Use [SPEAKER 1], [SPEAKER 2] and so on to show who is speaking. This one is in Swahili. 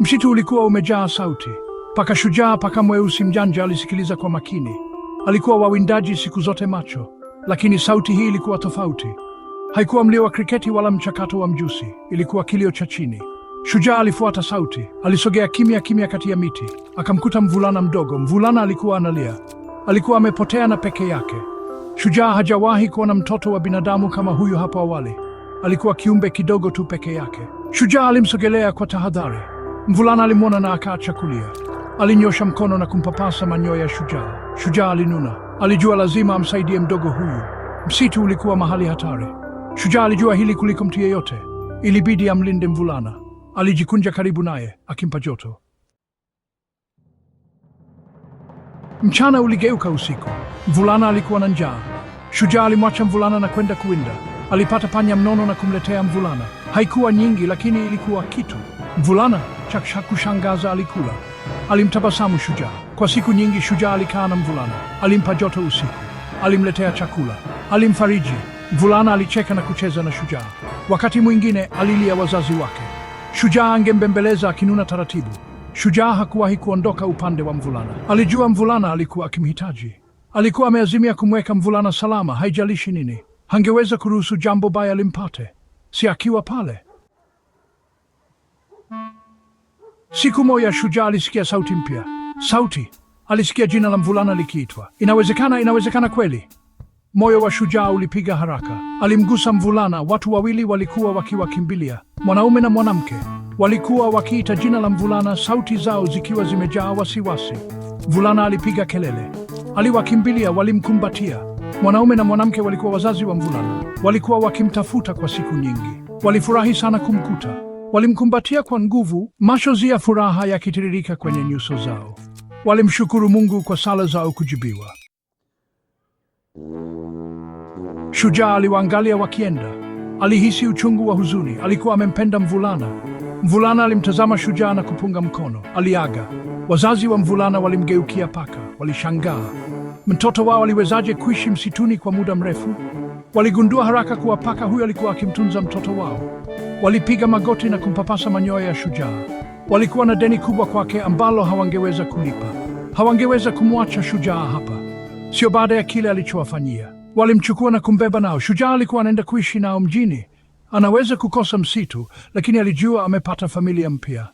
[SPEAKER 1] Msitu ulikuwa umejaa sauti. Paka shujaa, paka mweusi mjanja, alisikiliza kwa makini. Alikuwa wawindaji siku zote macho, lakini sauti hii ilikuwa tofauti. Haikuwa mlio wa kriketi wala mchakato wa mjusi, ilikuwa kilio cha chini. Shujaa alifuata sauti, alisogea kimya kimya kati ya miti, akamkuta mvulana mdogo. Mvulana alikuwa analia, alikuwa amepotea na peke yake. Shujaa hajawahi kuona mtoto wa binadamu kama huyu hapo awali. Alikuwa kiumbe kidogo tu peke yake. Shujaa alimsogelea kwa tahadhari. Mvulana alimwona na akaacha kulia. Alinyosha mkono na kumpapasa manyoya ya shujaa. Shujaa alinuna. Alijua lazima amsaidie mdogo huyu. Msitu ulikuwa mahali hatari. Shujaa alijua hili kuliko mtu yeyote. Ilibidi amlinde mvulana. Alijikunja karibu naye akimpa joto. Mchana uligeuka usiku. Mvulana alikuwa na njaa. Shujaa alimwacha mvulana na kwenda kuwinda. Alipata panya mnono na kumletea mvulana. Haikuwa nyingi, lakini ilikuwa kitu. Mvulana cha kushangaza alikula. Alimtabasamu shujaa. Kwa siku nyingi shujaa alikaa na mvulana, alimpa joto usiku, alimletea chakula, alimfariji. Mvulana alicheka na kucheza na shujaa. Wakati mwingine alilia wazazi wake. Shujaa angembembeleza akinuna taratibu. Shujaa hakuwahi kuondoka upande wa mvulana. Alijua mvulana alikuwa akimhitaji. Alikuwa ameazimia kumweka mvulana salama, haijalishi nini. Hangeweza kuruhusu jambo baya limpate, si akiwa pale. Siku moja shujaa alisikia sauti mpya. Sauti alisikia jina la mvulana likiitwa. Inawezekana, inawezekana kweli. Moyo wa shujaa ulipiga haraka. Alimgusa mvulana. Watu wawili walikuwa wakiwakimbilia, mwanaume na mwanamke. Walikuwa wakiita jina la mvulana, sauti zao zikiwa zimejaa wasiwasi. Mvulana alipiga kelele, aliwakimbilia, walimkumbatia. Mwanaume na mwanamke walikuwa wazazi wa mvulana, walikuwa wakimtafuta kwa siku nyingi. Walifurahi sana kumkuta. Walimkumbatia kwa nguvu, machozi ya furaha yakitiririka kwenye nyuso zao. Walimshukuru Mungu kwa sala zao kujibiwa. Shujaa aliwaangalia wakienda, alihisi uchungu wa huzuni. Alikuwa amempenda mvulana. Mvulana alimtazama shujaa na kupunga mkono. Aliaga. Wazazi wa mvulana walimgeukia paka, walishangaa. Mtoto wao aliwezaje kuishi msituni kwa muda mrefu? Waligundua haraka kuwa paka huyo alikuwa akimtunza mtoto wao. Walipiga magoti na kumpapasa manyoya ya shujaa. Walikuwa na deni kubwa kwake ambalo hawangeweza kulipa. Hawangeweza kumwacha shujaa hapa, sio baada ya kile alichowafanyia. Walimchukua na kumbeba nao. Shujaa alikuwa anaenda kuishi nao mjini. Anaweza kukosa msitu, lakini alijua amepata familia mpya.